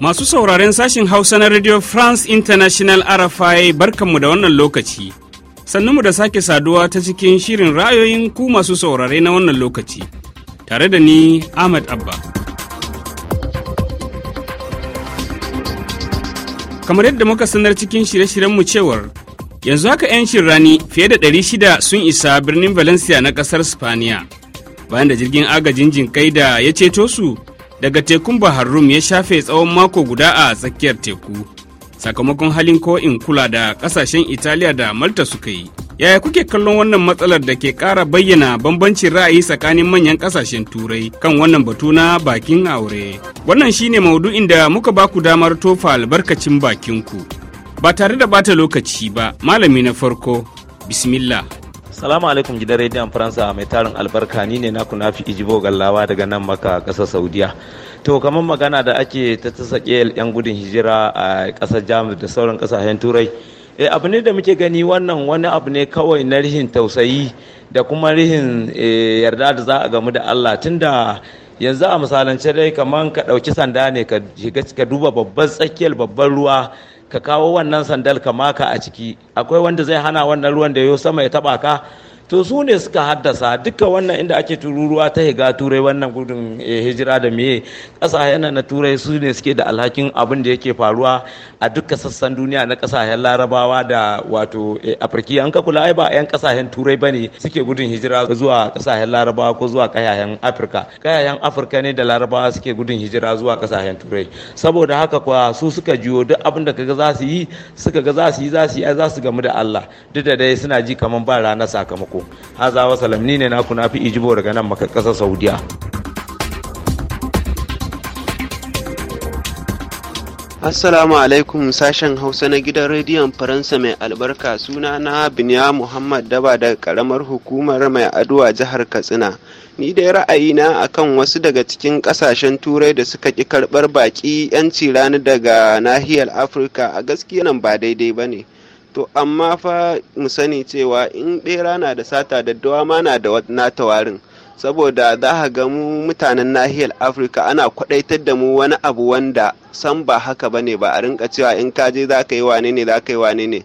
Masu sauraren sashin Hausa na Radio France International RFI barkanmu da wannan lokaci. sannu mu da sake saduwa ta cikin shirin ra'ayoyin ku masu saurare na wannan lokaci. Tare da ni Ahmad Abba. Kamar yadda muka sanar cikin shirye-shiryenmu cewar Yanzu haka 'yancin rani fiye da ɗari shida sun isa birnin Valencia na ƙasar Spaniya. Bayan da jirgin agajin jinkai da ya ceto su daga tekun Bahar Rum ya shafe tsawon mako guda a tsakiyar teku. Sakamakon halin ko'in kula da ƙasashen Italiya da Malta suka yi. Yaya kuke kallon wannan matsalar da ke ƙara bayyana bambancin ra'ayi tsakanin manyan ƙasashen turai kan wannan batu na bakin aure? Wannan shine maudu'in da muka baku damar tofa albarkacin bakinku. ba tare da bata lokaci ba malami na farko bismillah salamu alaikum gidan rediyon faransa mai tarin albarka ni ne naku nafi ijibo gallawa daga nan maka kasar saudiya to kamar magana da ake ta tasa yan gudun hijira a kasar jamus da sauran kasashen turai e, abu ne da muke gani wannan wani abu ne kawai na rihin tausayi da kuma rihin eh, yarda da za a gamu da allah tunda yanzu a misalance dai kamar ka ɗauki sanda ne ka duba babban tsakiyar babban ruwa ka kawo wannan sandal ka maka a ciki akwai wanda zai hana wannan ruwan da yo sama ya taba ka to su ne suka haddasa duka wannan inda ake tururuwa ta higa turai wannan gudun eh, hijira da meye ƙasashen na turai su ne suke da alhakin abin da yake faruwa a duka sassan duniya na ƙasashen larabawa da wato eh, afirki an ka kula ai ba 'yan ƙasashen turai ba ne suke gudun hijira zuwa ƙasashen larabawa ko zuwa ƙasashen afirka ƙasashen afirka ne da larabawa suke gudun hijira zuwa ƙasashen turai saboda haka kuwa su suka jiyo duk abin da kaga za su yi suka ga za su yi za su yi za su gamu da allah duk da dai suna ji kamar ba ranar sakamako haza ne naku na fi ijibo daga nan maka ƙasar saudiya Assalamu alaikum sashen Hausa na gidan rediyon Faransa mai albarka suna na Biniya Muhammad Daba daga karamar hukumar mai aduwa jihar Katsina. Ni dai ra'ayina akan wasu daga cikin kasashen turai da suka ki karɓar baƙi 'yanci rani daga nahiyar Afirka a gaskiya nan ba daidai ba ne. to amma fa mu sani cewa in bera na da sata daddawa ma na da nata warin saboda za a ga mu mutanen nahiyar afirka ana kwadaitar da mu wani abu wanda san ba haka ba ne ba a rinka cewa in ka je za ka yi wane ne za ka yi wane ne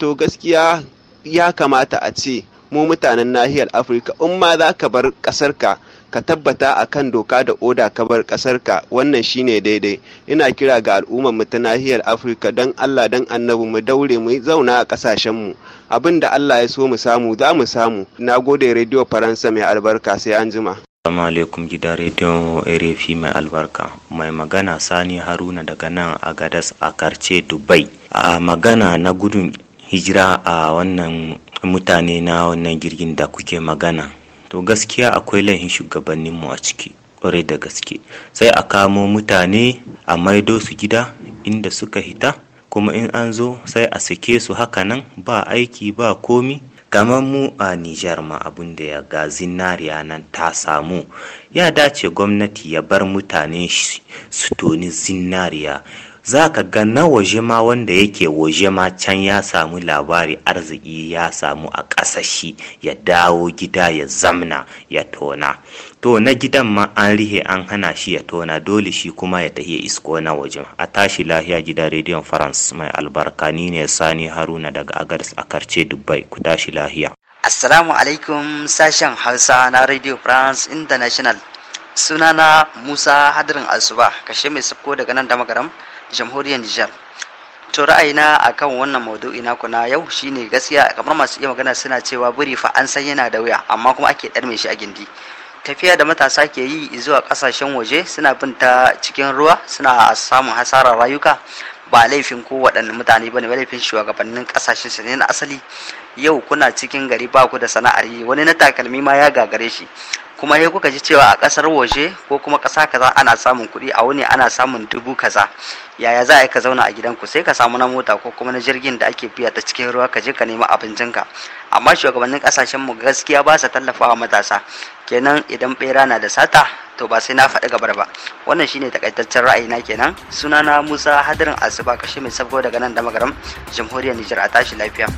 to gaskiya ya kamata a ce mu mutanen nahiyar afirka in ma za ka bar ƙasarka ka tabbata a kan doka da oda ka bar ƙasarka wannan shine daidai ina kira ga al'ummar mu ta nahiyar afirka don allah don annabi mu daure mu zauna a ƙasashenmu. mu abin da allah ya so mu samu za mu samu na gode rediyo faransa mai albarka sai an jima salamu alaikum gida rediyon RFI mai albarka mai magana sani haruna daga nan a gadas a karce dubai a magana na gudun hijira a wannan mutane na wannan jirgin da kuke magana to gaskiya akwai laifin shugabanninmu a ciki kwarai da gaske sai a kamo mutane a maido su gida inda suka hita kuma in an zo sai a sake su hakanan ba aiki ba komi kamar mu a Nijar ma abin da ya ga zinariya nan ta samu ya dace gwamnati ya bar mutane su toni zinariya za ka ga na waje ma wanda yake waje ma can ya samu labari arziki ya samu a ƙasashi ya dawo gida ya zamna ya tona to na gidan ma an rihe an hana shi ya tona dole shi kuma ya tafi isko na waje a tashi lahiya gida rediyon france mai albarka ni ne sani haruna daga Agars, a karce dubai ku tashi lahiya assalamu alaikum sashen hausa na radio france international sunana musa hadirin asuba kashe mai sabko daga nan da magaram jamhuriyar Nijar to ra'ayina a kan wannan maudu'i na na yau shine gaskiya kamar masu iya magana suna cewa buri fa an san yana da wuya amma kuma ake darme shi a gindi tafiya da matasa ke yi zuwa ƙasashen waje suna bin ta cikin ruwa suna samun hasarar rayuka ba laifin ko waɗanne mutane bane ba laifin shugabannin kasashen su ne na asali yau kuna cikin gari ba ku da sana'ar yi wani na takalmi ma ya gagare shi kuma sai kuka ji cewa a kasar waje ko kuma kasa kaza ana samun kuɗi a wani ana samun dubu kaza yaya za a yi ka zauna a gidanku sai ka samu na mota ko kuma na jirgin da ake biya ta cikin ruwa ka je ka nemi ka. amma shugabannin kasashen mu gaskiya ba sa tallafawa matasa kenan idan bera na da sata to ba sai na faɗi gabar ba wannan shine takaitaccen ra'ayi na kenan sunana Musa Hadirin Asuba kashi mai sabgo daga nan da magaram jamhuriyar Nijar a tashi lafiya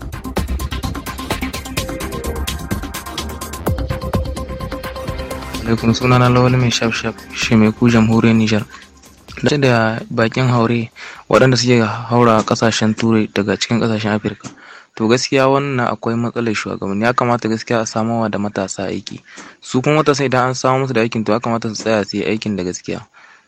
alaikum suna na lawali mai shaf shaf shi mai ku jamhuriyar nijar da da bakin haure waɗanda suke haura kasashen turai daga cikin ƙasashen afirka to gaskiya wannan akwai matsalar shugabanni ya kamata gaskiya a samawa da matasa aiki su kuma matasa idan an samu musu da aikin to ya kamata su tsaya su yi aikin da gaskiya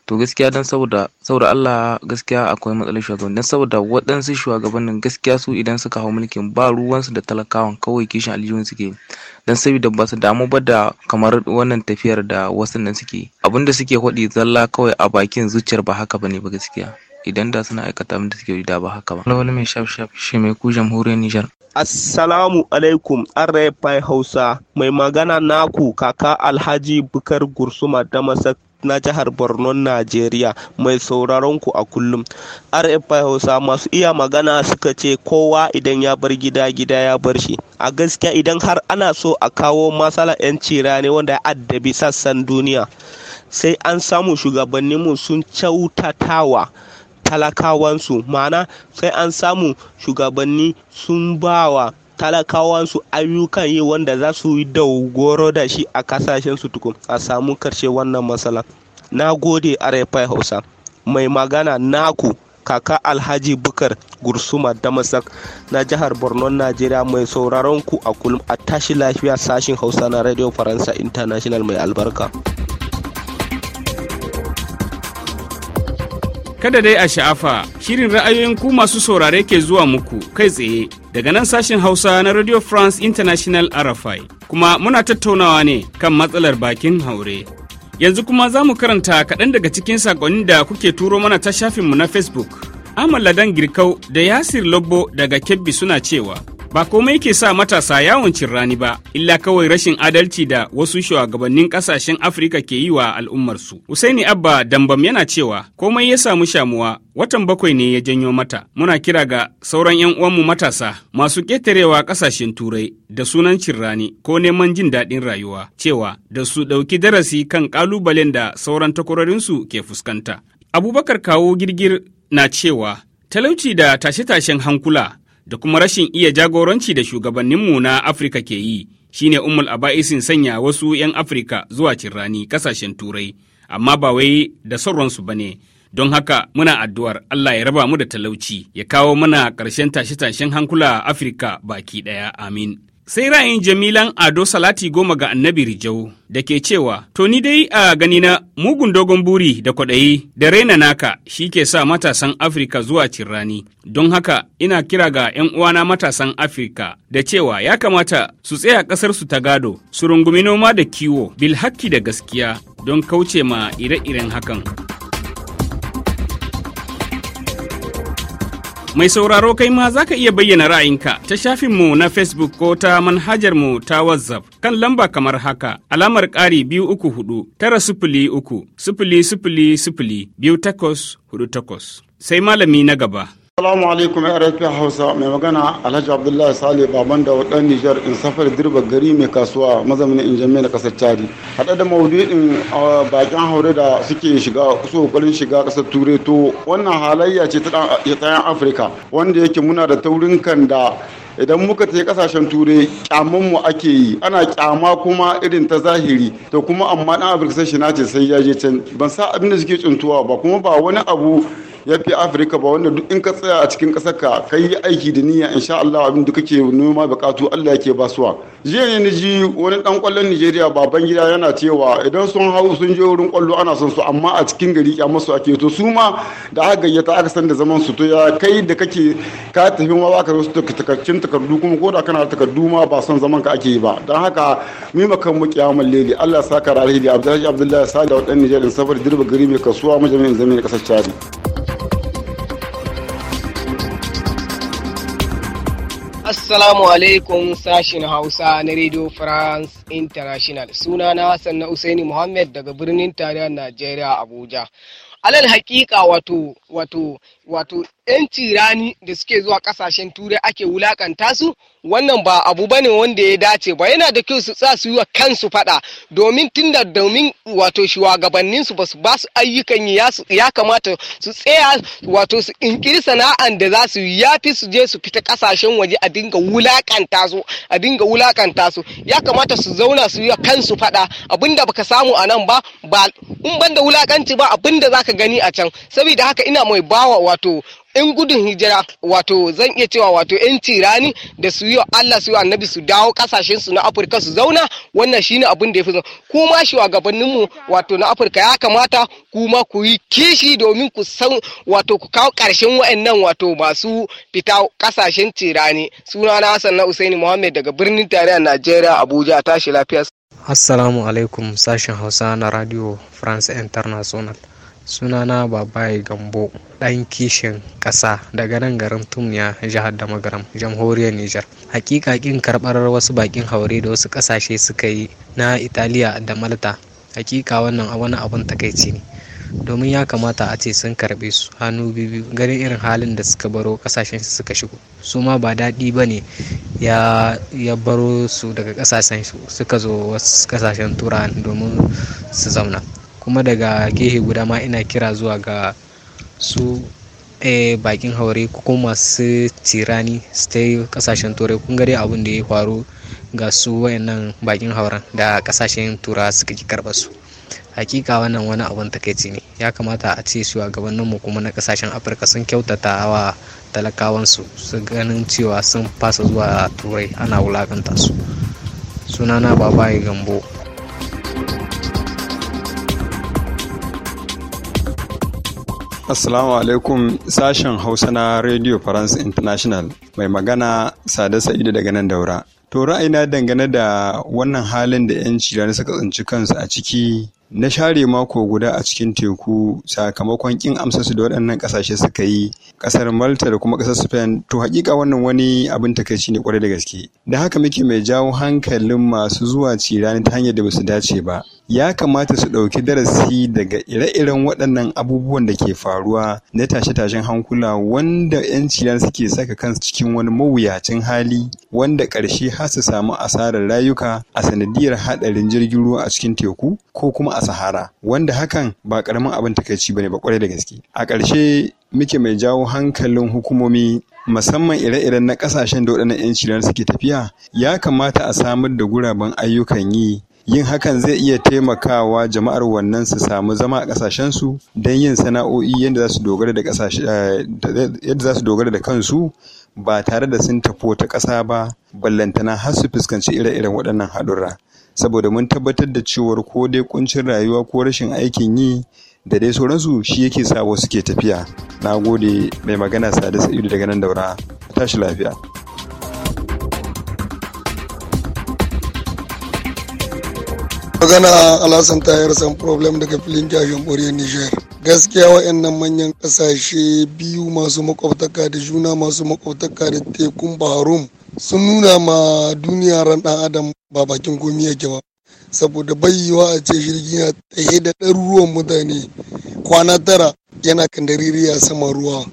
to gaskiya dan saboda saboda Allah gaskiya akwai matsalar shugabanni dan saboda waɗansu shugabannin gaskiya su idan suka hau mulkin ba ruwansu da talakawan kawai kishin aljihun suke dan saboda ba su damu ba da kamar wannan tafiyar da wasu nan suke abinda suke hodi zalla kawai a bakin zuciyar ba haka bane ba gaskiya idan da suna aikata abin da suke da ba haka ba. wani mai shaf shaf shi mai ku jamhuriyar Nijar. Assalamu alaikum RFI Hausa mai magana naku kaka Alhaji Bukar Gursuma masak na jihar Borno Najeriya mai sauraron ku a kullum. RFI Hausa masu iya magana suka ce kowa idan ya bar gida gida ya bar shi. A gaskiya idan har ana so a kawo matsala 'yanci rani wanda ya addabi sassan duniya sai an samu shugabanninmu sun kyautatawa. talakawansu mana sai an samu shugabanni sun ba wa talakawansu ayyukan yi wanda za su yi dogoro da shi a kasashensu tukun a samu karshe wannan matsala na gode arefai hausa mai magana naku kaka alhaji bukar gursuma damasak na jihar borno najeriya mai sauraron ku a kullum a tashi lafiya sashin hausa na radio faransa international mai albarka Kada dai a sha'afa, shirin ra'ayoyin ku masu saurare ke zuwa muku kai tsaye daga nan sashen Hausa na Radio France International RFI. Kuma muna tattaunawa ne kan matsalar bakin haure. Yanzu kuma za mu karanta kaɗan daga cikin saƙonin da kuke turo mana ta shafinmu na Facebook. amalladan Girkau da Yasir Lobbo daga Kebbi suna cewa. ba komai ke sa matasa yawon cin rani ba illa kawai rashin adalci da wasu shugabannin kasashen afirka ke yi wa al'ummarsu usaini abba dambam yana cewa komai ya samu shamuwa watan bakwai ne ya janyo mata muna kira ga sauran 'yan uwanmu matasa masu ƙetarewa ƙasashen turai da sunan cin rani ko neman jin daɗin rayuwa cewa da su ɗauki darasi kan ƙalubalen da sauran takwarorinsu ke fuskanta abubakar kawo girgir na cewa talauci da tashe-tashen hankula da kuma rashin iya jagoranci da shugabanninmu na Afirka ke yi shine umul aba'isin sanya wasu 'yan Afirka zuwa cirrani kasashen turai amma ba wai da sauransu ba ne don haka muna addu'ar Allah ya raba mu da talauci ya kawo mana ƙarshen tashe-tashen hankula Afirka baki ɗaya amin. Sai ra'ayin Jamilan Ado Salati goma ga annabi Rijau da ke cewa, To ni dai a ganina mugun dogon buri da kwaɗayi da raina naka shi ke sa matasan Afirka zuwa cirrani. Don haka ina kira ga 'yan uwana matasan Afirka da cewa ya kamata su tsaya ƙasarsu ta gado, su rungumi noma da kiwo, bilhakki da gaskiya don kauce ma ire-iren hakan. Mai sauraro kai ma za ka iya bayyana ra'ayinka ta shafinmu na Facebook ko ta manhajar mu ta WhatsApp kan lamba kamar haka alamar ƙari biyu uku hudu tara sifili uku sifili sifili sifili biyu takwas hudu takwas. Sai malami na gaba. Salamu alaikum ya rafi Hausa mai magana Alhaji Abdullahi Sale baban da wadan Nijar in safar dirba gari mai kasuwa mazamin injin na kasar Chadi. Haɗe da maudu'in bakin haure da suke shiga su kokarin shiga kasar Turai to wannan halayya ce ta ɗan Afirka wanda yake muna da taurin kan da idan muka je kasashen turai kyaman mu ake yi ana kyama kuma irin ta zahiri to kuma amma dan afirka sai shi nace sai ya je can ban sa abin da suke tsuntuwa ba kuma ba wani abu ya fi afirka ba wanda duk in ka tsaya a cikin kasar ka ka yi aiki da niyya insha Allah abin da kake noma bukatu Allah yake suwa jiya ne ji wani dan kwallon Nigeria baban gida yana cewa idan sun hau sun je wurin kwallo ana son su amma a cikin gari ya masu ake to su ma da aka gayyata aka san da zaman su to ya kai da kake ka tafi ma ba ka wasu takardu kuma ko da kana takardu ma ba son zaman ka ake yi ba dan haka mu makan mu kiyamul leli Allah saka rarihi Abdullahi Abdullahi Sa'id da wadannan Nigeria safar dirba gari mai kasuwa majami'in zamin kasar you Assalamu alaikum sashin Hausa na Radio France International. Suna na Hassan na Usaini Muhammad daga birnin tarayyar Najeriya Abuja. Alal hakika wato wato wato 'yan tirani da suke zuwa ƙasashen turai ake wulakanta su wannan ba abu bane wanda ya dace ba yana da kyau su tsa su yi wa kansu fada domin tun da domin wato shugabannin su basu ba su ayyukan yi ya kamata su tsaya wato su inkiri sana'an da za su ya fi su je su fita kasashen waje a dinga wulakanta su a dinga wulakanta su ya kamata su zauna su yi wa kansu fada abinda baka samu a nan ba ba in banda wulakanci ba abinda zaka gani a can saboda haka ina mai bawa wato in gudun hijira wato zan iya cewa wato yan tirani da su yi Allah su yi annabi su dawo kasashen su na Afirka su zauna wannan shine abin da yafi zan kuma wa mu wato na Afirka ya kamata kuma ku yi kishi domin ku san wato ku kawo karshen wayannan wato masu fita kasashen tirani suna na Hassan na Usaini Muhammad daga birnin tarayyar Najeriya Abuja tashi lafiya Assalamu alaikum sashen Hausa na Radio France International. sunana babaye gambo dan kishin kasa daga nan garin tumya jihar da magaram jamhuriyar nijar hakika kin karɓar wasu bakin haure da wasu ƙasashe suka yi na italiya da malta hakika wannan wani abun takaici ne domin ya kamata a ce sun karɓe su hannu biyu ganin irin halin da suka baro kasashen su suka shigo su ma ba daɗi ba ne ya baro su daga kasashen su suka zo wasu kasashen turan domin su zauna kuma daga gehe guda ma ina kira zuwa ga su eh, bakin haure ko masu tirani su ta kasashen turai kun gari abin da ya faru ga su wayannan bakin hauren da kasashen tura suka ki karɓa su hakika wannan wani abin takaici ne ya kamata a ce su gabaninmu kuma na kasashen afirka sun kyautata wa talakawansu su ganin cewa sun fasa zuwa turai ana wulakanta su sunana babaye gambo Assalamu alaikum sashen Hausa na Radio France International mai magana Sada Sa'idu daga nan daura. To ra'ayina dangane da wannan halin da 'yan na suka tsinci kansu a ciki na share mako guda a cikin teku sakamakon kin amsa su da waɗannan ƙasashe suka yi ƙasar Malta da kuma ƙasar Spain to haƙiƙa wannan wani abin takaici ne kwarai da gaske. Da haka muke mai jawo hankalin masu zuwa cirani ta hanyar da basu dace ba. ya kamata su ɗauki darasi daga ire-iren waɗannan abubuwan da ke faruwa na tashe-tashen hankula wanda 'yan ciyar suke saka kansu cikin wani mawuyacin hali wanda ƙarshe har su samu asarar rayuka a sanadiyar haɗarin jirgin ruwa a cikin teku ko kuma a sahara wanda hakan ba ƙaramin abin takaici bane ba kwarai da gaske a ƙarshe muke mai jawo hankalin hukumomi musamman ire-iren na ƙasashen da waɗannan 'yan ciyar suke tafiya ya kamata a samar da guraben ayyukan yi Yin hakan zai iya taimakawa jama'ar wannan su samu zama a su, don yin sana'o'i eh, yadda za su dogara da kansu ba tare da sun tafi wata ƙasa ba ballantana har su fuskanci ire-iren waɗannan haɗurra. Saboda mun tabbatar da cewar ko dai kuncin rayuwa ko rashin aikin yi da dai sauransu shi yake sa wasu ke tafiya na gode mai magana sadisa sa'idu daga nan daura tashi lafiya magana alhassan tayar san problem daga filin jashin ɓoriyar nijar gaskiya wa'annan manyan ƙasashe biyu masu makwabtaka da juna masu makwabtaka da tekun baharum sun nuna ma duniya ran ɗan adam ba bakin komi yake ba saboda bayyawa a ce jirgi na tsaye da ɗaruruwan mutane kwana tara yana kandariri a sama ruwa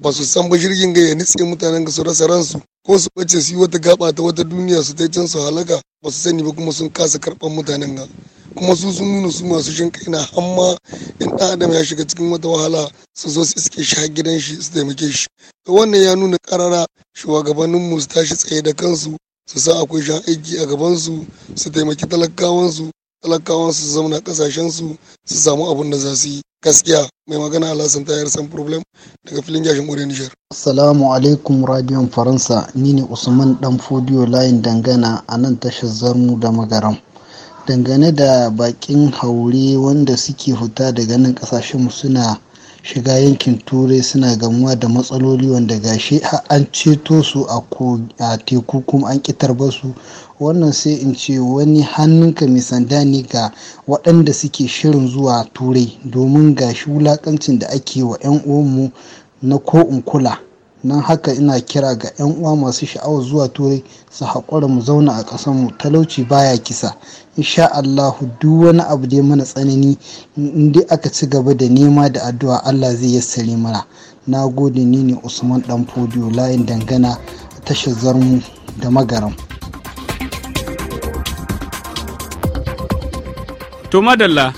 ba su san ba jirgin ga ya nitse mutanen ga su rasa ransu ko su ɓace su yi wata gaba ta wata duniya su ta can su halaka ba su sani ba kuma sun kasa karɓar mutanen ga kuma su sun nuna su masu shin kai na hamma in ɗan adam ya shiga cikin wata wahala su zo su iske shi har gidan shi su taimake shi to wannan ya nuna karara shugabannin mu su tashi tsaye da kansu su san akwai shan aiki a gaban su su taimaki talakawansu talakawansu su zauna kasashensu su samu abun da za su yi gaskiya mai magana alhassan tayar san problem daga filin jashin gore niger assalamu alaikum radiyon faransa ni ne usman dan fodiyo layin dangana a nan tashar zarmu da magaram dangane da bakin haure wanda suke fita daga nan kasashen suna shiga yankin turai suna gamuwa da matsaloli wanda gashi an ceto su a teku kuma an kitar su wannan sai in ce wani hannunka mai sanda ne ga waɗanda suke shirin zuwa turai domin ga shi wulakancin da ake wa 'yan uwanmu na ko in kula don haka ina kira ga 'yan uwa masu sha'awar zuwa turai su haƙura mu zauna a ƙasanmu talauci baya kisa insha allahu duk wani abu da mana tsanani inda aka ci gaba da nema da addu'a allah zai yassare mana na gode ni ne usman dan fodiyo layin dangana tashar zarmu da magaram To madalla,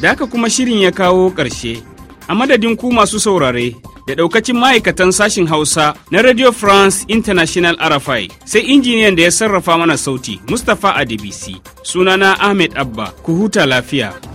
da haka kuma shirin ya kawo ƙarshe, a madadin ku masu saurare da ɗaukacin ma'aikatan sashin Hausa na Radio France International RFI sai injiniyan da ya sarrafa mana sauti Mustapha Adebisi sunana Ahmed Abba ku huta lafiya.